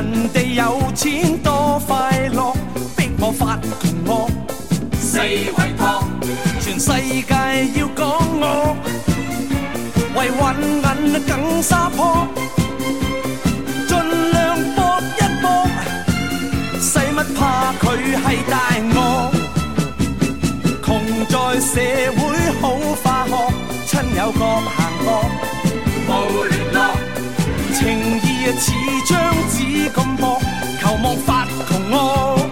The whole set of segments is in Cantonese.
人哋有錢多快樂，逼我發窮惡。四圍撲，全世界要講我，為搵銀更沙破，盡量搏一搏。使乜怕佢係大惡，窮在社會好化學，親友個。似張紙咁薄，求莫發窮窩。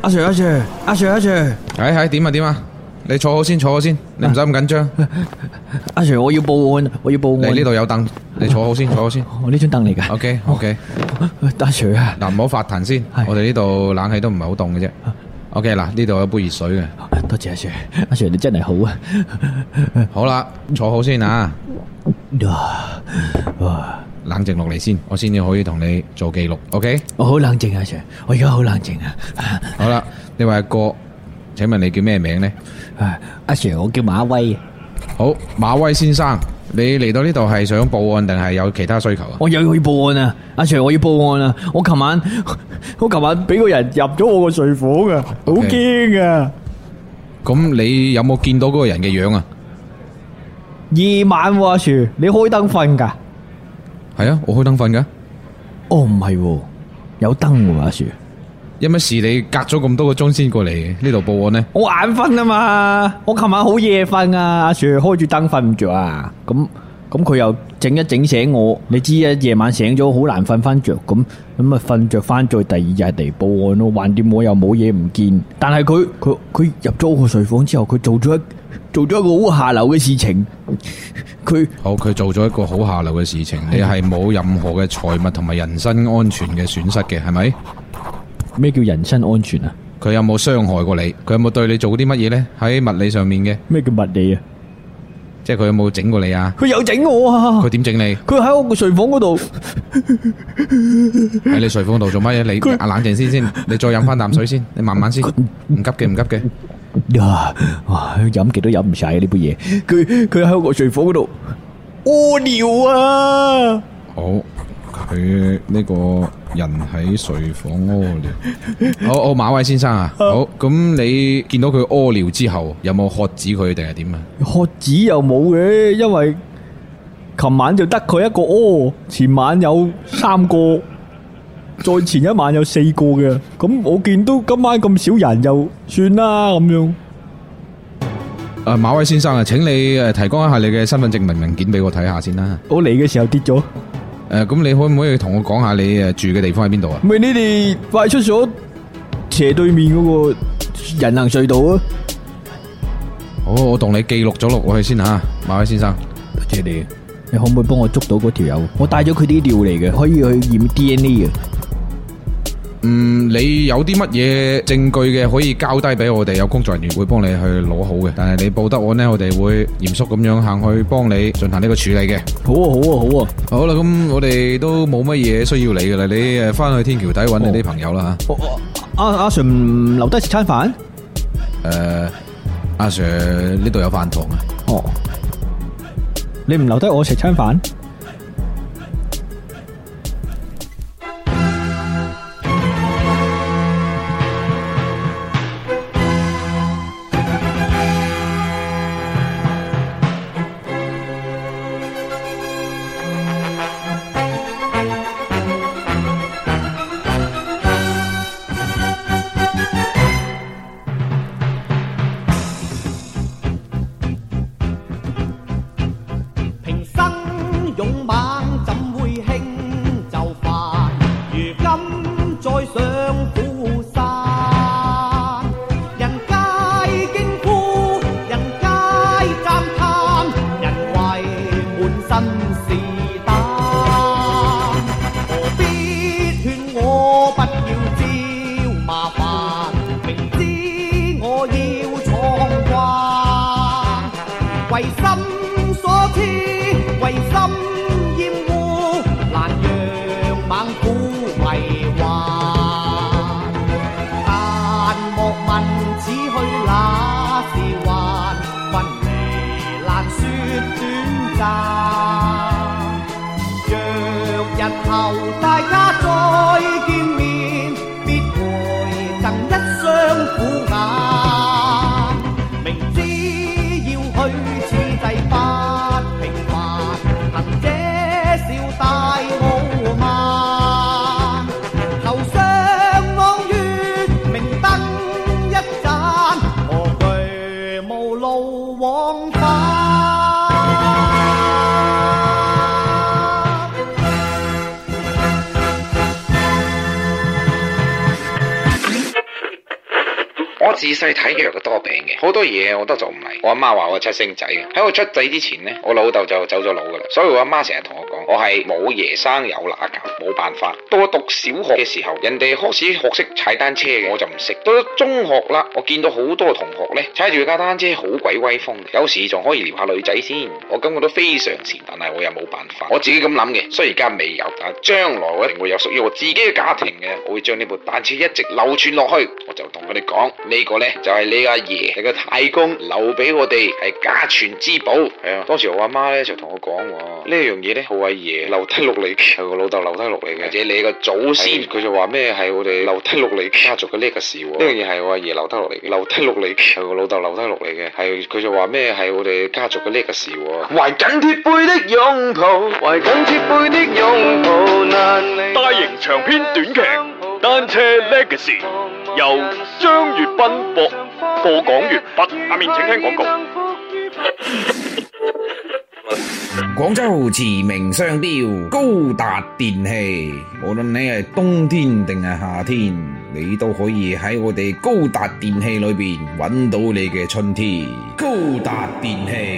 阿 Sir，阿 Sir，阿 Sir，阿 Sir，係係點啊點啊！你坐好先，坐好先，你唔使咁緊張。阿 Sir，我要報案，我要報案。你呢度有凳，你坐好先，坐好先。我呢張凳嚟噶。OK，OK。阿、啊、Sir 啊，嗱唔好發騰先，是我哋呢度冷氣都唔係好凍嘅啫。啊、OK，嗱呢度有杯熱水嘅，多謝阿、啊、Sir，阿、啊、Sir 你真係好啊。 好啦，坐好先啊，哇，哇冷靜落嚟先，我先至可以同你做記錄。OK，我好冷靜阿 Sir，我而家好冷靜啊。Sir、靜啊 好啦，呢位阿哥，請問你叫咩名咧？阿、啊啊、Sir，我叫馬威。好，馬威先生。你嚟到呢度係想報案定係有其他需求啊？我又要去報案啊！阿 Sir，我要報案啊！我琴晚我琴晚俾個人入咗我個睡房啊！好驚啊！咁你有冇見到嗰個人嘅樣啊？夜晚喎，阿 Sir，你開燈瞓噶？係啊，我開燈瞓噶。哦，唔係喎，啊，有燈喎，啊，阿 Sir。有乜事？你隔咗咁多個鐘先過嚟呢度報案呢？我眼瞓啊嘛，我琴晚好夜瞓啊，阿 Sir 開住燈瞓唔着啊。咁咁佢又整一整醒我，你知啊，夜晚醒咗好難瞓翻着。咁咁啊，瞓着翻再第二日嚟報案咯。橫掂我又冇嘢唔見，但係佢佢佢入咗個睡房之後，佢做咗一做咗一個好下流嘅事情。佢好，佢做咗一個好下流嘅事情。你係冇任何嘅財物同埋人身安全嘅損失嘅，係咪？咩叫人身安全啊？佢有冇傷害過你？佢有冇對你做過啲乜嘢咧？喺物理上面嘅。咩叫物理啊？即係佢有冇整過你啊？佢有整我啊！佢點整你？佢喺我個睡房嗰度。喺你睡房度做乜嘢？你啊冷靜先先，你再飲翻啖水先，你慢慢先，唔急嘅唔急嘅。啊哇，飲極都飲唔晒呢杯嘢。佢佢喺我個睡房嗰度，屙尿啊！好。佢呢個人喺睡房屙尿。好，哦馬威先生啊，好，咁你見到佢屙尿之後，有冇喝止佢定係點啊？喝止又冇嘅，因為琴晚就得佢一個屙，前晚有三個，再前一晚有四個嘅。咁我見到今晚咁少人，又算啦咁樣。誒，馬威先生啊，請你誒提供一下你嘅身份證明文件俾我睇下先啦。我嚟嘅時候跌咗。誒，咁你可唔可以同我講下你誒住嘅地方喺邊度啊？咪你哋派出所斜對面嗰個人行隧道啊？好，我同你記錄咗落過去先吓，馬威先生。多謝你，你可唔可以幫我捉到嗰條友？我帶咗佢啲料嚟嘅，可以去驗 DNA 嘅。嗯，你有啲乜嘢證據嘅可以交低俾我哋？有工作人員會幫你去攞好嘅。但係你報得案咧，我哋會嚴肅咁樣行去幫你進行呢個處理嘅。好啊，好啊，好啊。好啦，咁我哋都冇乜嘢需要你噶啦。你誒翻去天橋底揾你啲朋友啦吓。阿阿、oh oh oh ah, Sir 留低食餐飯？誒，阿 Sir 呢度有飯堂啊。哦，你唔留低我食餐飯？唯心所知，唯心。自細體弱嘅多病嘅，好多嘢我都做唔嚟。我阿媽話我係七星仔嘅，喺我出世之前咧，我老豆就走咗佬噶啦，所以我阿媽成日同我。我係冇爺生有乸狗，冇辦法。到我讀小學嘅時候，人哋開始學識踩單車嘅，我就唔識。到咗中學啦，我見到好多同學呢，踩住架單車好鬼威風，有時仲可以撩下女仔先，我感覺都非常賤，但係我又冇辦法。我自己咁諗嘅，雖然而家未有，但係將來我一定會有屬於我自己嘅家庭嘅，我會將呢部單車一直流傳落去。我就同佢哋講，呢個呢，就係你阿爺，你個太公留俾我哋係家傳之寶。係啊，當時我阿媽呢，就同我講喎，呢樣嘢呢。好留低落嚟係佢個老豆留低落嚟嘅，或者你個祖先佢就話咩係我哋留低落嚟家族嘅叻嘅事喎。呢樣嘢係我阿爺留低落嚟嘅，留低落嚟係佢個老豆留低落嚟嘅，係佢就話咩係我哋家族嘅叻嘅事喎。懷緊貼背嘅擁抱，懷緊貼背嘅擁抱。大型長篇短劇《單車》，由張月斌播講完畢。下面請聽廣告。廣州馳名商標高達電器，無論你係冬天定係夏天，你都可以喺我哋高達電器裏邊搵到你嘅春天。高達電器。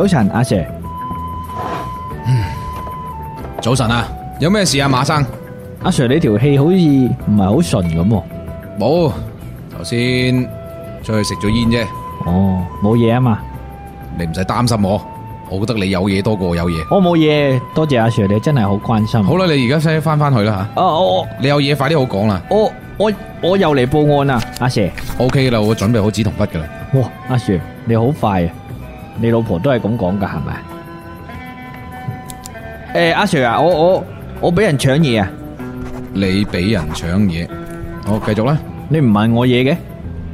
早晨，阿 Sir。早晨啊，有咩事啊，馬生？阿 Sir，你條氣好似唔係好順咁喎。冇，頭先出去食咗煙啫。哦，冇嘢啊嘛。你唔使擔心我，我覺得你有嘢多過有嘢。我冇嘢，多謝阿 Sir，你真係好關心。好啦，你而家先翻翻去啦吓。啊，我你有嘢，快啲好講啦。我我我又嚟報案啦，阿 Sir。OK 啦，我準備好紙同筆噶啦。哇，阿 Sir 你好快啊！你老婆都係咁講噶係咪？誒、欸，阿 Sir 啊，我我我俾人搶嘢啊！你俾人搶嘢，好，繼續啦。你唔問我嘢嘅？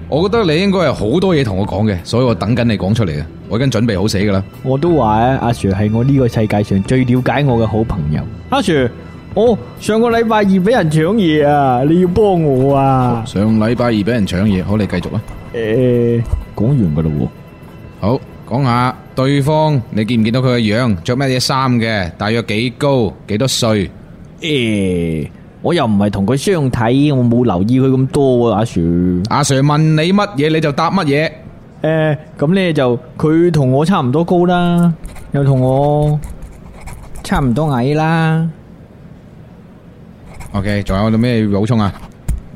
我覺得你應該有好多嘢同我講嘅，所以我等緊你講出嚟啊！我已經準備好死噶啦。我都話啊，阿 Sir 係我呢個世界上最了解我嘅好朋友。阿 Sir，哦，上個禮拜二俾人搶嘢啊，你要幫我啊！上禮拜二俾人搶嘢，好，你繼續啦！誒，講完噶啦喎，好。講下對方，你見唔見到佢個樣，着咩嘢衫嘅，大約幾高，幾多歲？誒、欸，我又唔係同佢相睇，我冇留意佢咁多啊。阿 Sir，阿 Sir 問你乜嘢你就答乜嘢。誒、欸，咁咧就佢同我差唔多高啦，又同我差唔多矮啦。OK，仲有啲咩要補充啊？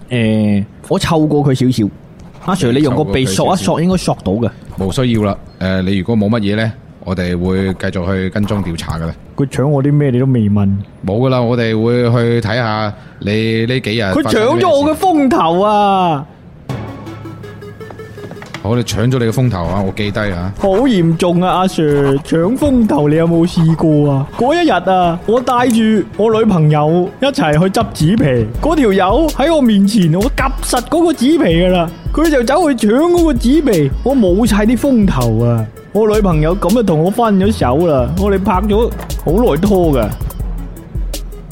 誒、欸，我湊過佢少少。點點阿 Sir，你用個鼻索一索，應該索到嘅。冇需要啦。誒、呃，你如果冇乜嘢咧，我哋會繼續去跟蹤調查嘅啦。佢搶我啲咩？你都未問。冇噶啦，我哋會去睇下你呢幾日。佢搶咗我嘅風頭啊！我哋搶咗你嘅風頭啊！我記低啊！好嚴重啊，阿 Sir，搶風頭你有冇試過啊？嗰一日啊，我帶住我女朋友一齊去執紙皮，嗰條友喺我面前，我夾實嗰個紙皮噶啦，佢就走去搶嗰個紙皮，我冇晒啲風頭啊！我女朋友咁就同我分咗手啦，我哋拍咗好耐拖噶，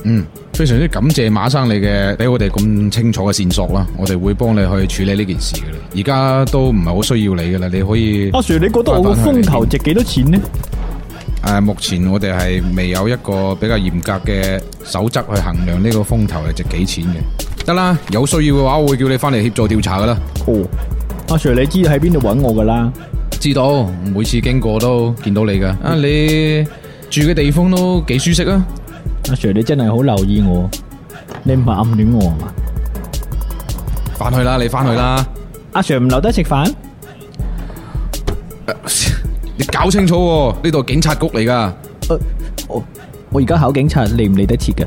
嗯。非常之感謝馬生你嘅俾我哋咁清楚嘅線索啦，我哋會幫你去處理呢件事嘅啦。而家都唔係好需要你嘅啦，你可以。阿、啊、Sir，你覺得我個風頭值幾多錢呢？誒、啊，目前我哋係未有一個比較嚴格嘅守則去衡量呢個風頭係值幾錢嘅。得啦，有需要嘅話，我會叫你翻嚟協助調查噶啦。阿、哦啊、Sir，你知喺邊度揾我噶啦？知道，每次經過都見到你噶。啊，你住嘅地方都幾舒適啊！阿 Sir，你真係好留意我，你唔係暗戀我啊嘛？翻去啦，你翻去啦。阿 Sir 唔留得食飯啊？你搞清楚啊，呢度警察局嚟噶。呃，我我而家考警察嚟唔嚟得切嘅？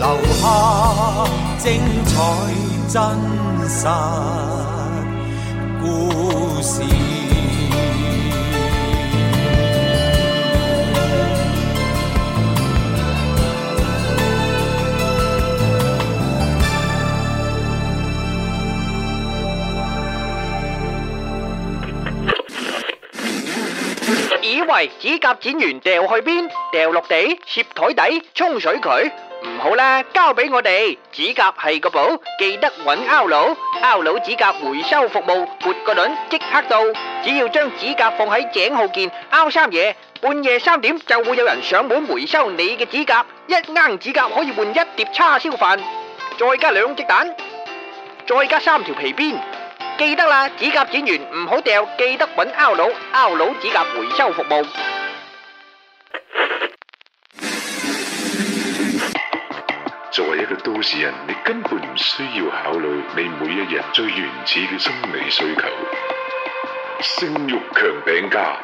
留下精彩真實故事，以為指甲剪完掉去邊？掉落地，攝台底，沖水渠。唔好啦，交俾我哋。指甲係個寶，記得搵凹佬。凹佬指甲回收服務，撥個輪即刻到。只要將指甲放喺井號鍵，凹三夜，半夜三點就會有人上門回收你嘅指甲。一罌指甲可以換一碟叉燒飯，再加兩隻蛋，再加三條皮鞭。記得啦，指甲剪完唔好掉，記得搵凹佬。凹佬指甲回收服務。作為一個都市人，你根本唔需要考慮你每一日最原始嘅心理需求。性慾強餅家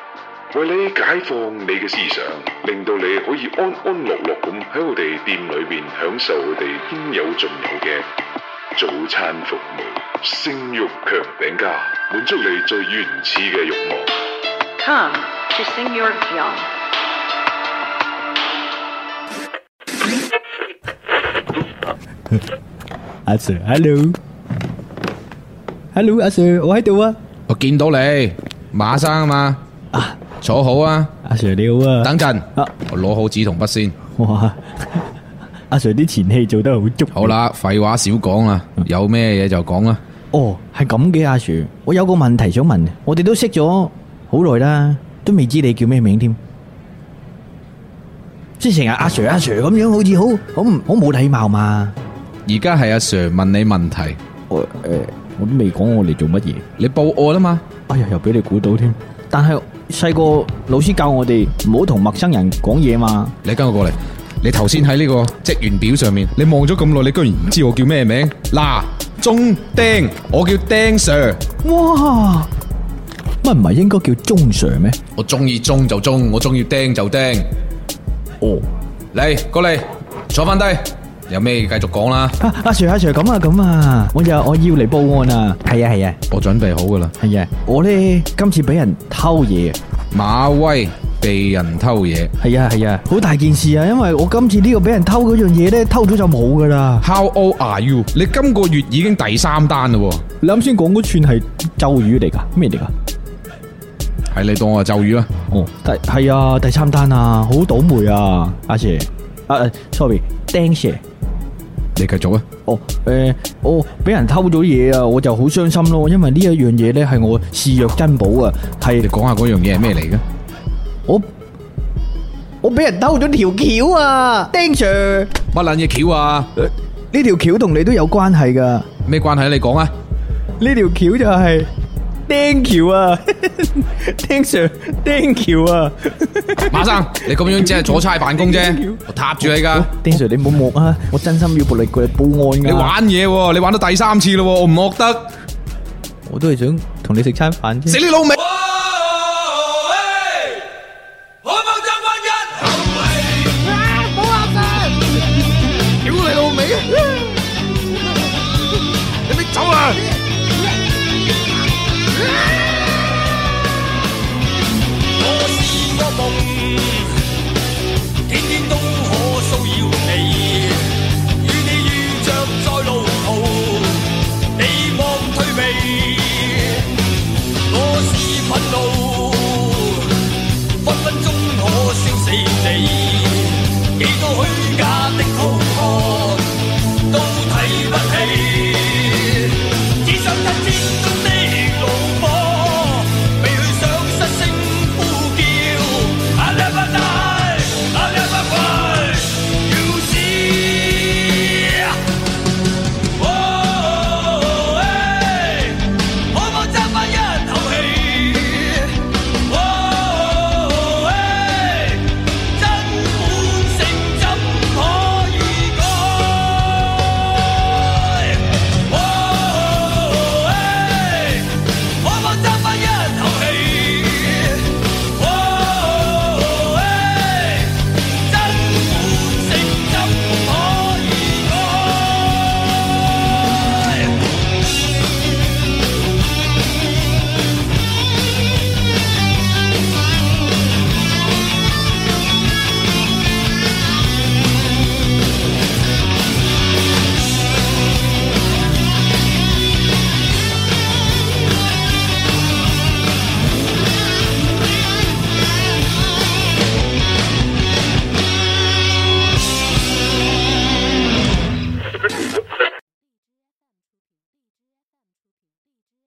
為你解放你嘅思想，令到你可以安安樂樂咁喺我哋店裏邊享受我哋應有盡有嘅早餐服務。性慾強餅家滿足你最原始嘅慾望。Come to 性慾強。阿 Sir，Hello，Hello，阿 Sir，我喺度啊。我見到你，馬生啊嘛。啊，坐好啊。阿 Sir 你好啊。等陣，我攞好紙同筆先。哇，阿 Sir 啲前戲做得好足。好啦，廢話少講啦，有咩嘢就講啦。哦，係咁嘅阿 Sir，我有個問題想問。我哋都識咗好耐啦，都未知你叫咩名添。即係成日阿 Sir 阿 Sir 咁樣，好似好好好冇禮貌嘛。而家係阿 Sir 問你問題，我誒我都未講我嚟做乜嘢，你報案吖嘛？哎呀，又俾你估到添。但係細個老師教我哋唔好同陌生人講嘢嘛。你跟我過嚟，你頭先喺呢個職員表上面，你望咗咁耐，你居然唔知我叫咩名？嗱，中釘，我叫釘 Sir。哇，乜唔係應該叫鐘 Sir 咩？我中意中就中，我中意釘就釘。哦，嚟過嚟坐翻低。有咩繼續講啦？阿 Sir，阿 Sir，咁啊咁啊，我就我要嚟報案啊！係啊係啊，我準備好噶啦。係啊，我咧今次俾人偷嘢，馬威俾人偷嘢。係啊係啊，好大件事啊！因為我今次呢個俾人偷嗰樣嘢咧，偷咗就冇噶啦。How old are you？你今個月已經第三單啦？你啱先講嗰串係咒語嚟噶？咩嚟噶？係你當我係咒語啊？哦，第係啊，第三單啊，好倒霉啊，阿 Sir。誒，sorry，丁 Sir。Sorry, 啊 sorry, 啊 sorry, 你繼續啊！哦，誒，我俾人偷咗嘢啊，我就好傷心咯，因為呢一樣嘢咧係我視若珍寶啊，係你哋講下嗰樣嘢係咩嚟嘅？我我俾人偷咗條橋啊，丁 Sir，乜爛嘢橋啊？呢條橋同你都有關係噶，咩關係你講啊？呢條橋就係丁 Sir 啊，丁 Sir，丁 Sir 啊。馬生， 你咁樣只係阻差辦公啫， 我撻住你噶，丁 Sir 我你唔好惡啊！我，我真心要幫你過嚟報案噶、啊啊。你玩嘢，你玩到第三次咯，我唔惡得？我都係想同你食餐飯。死你老味！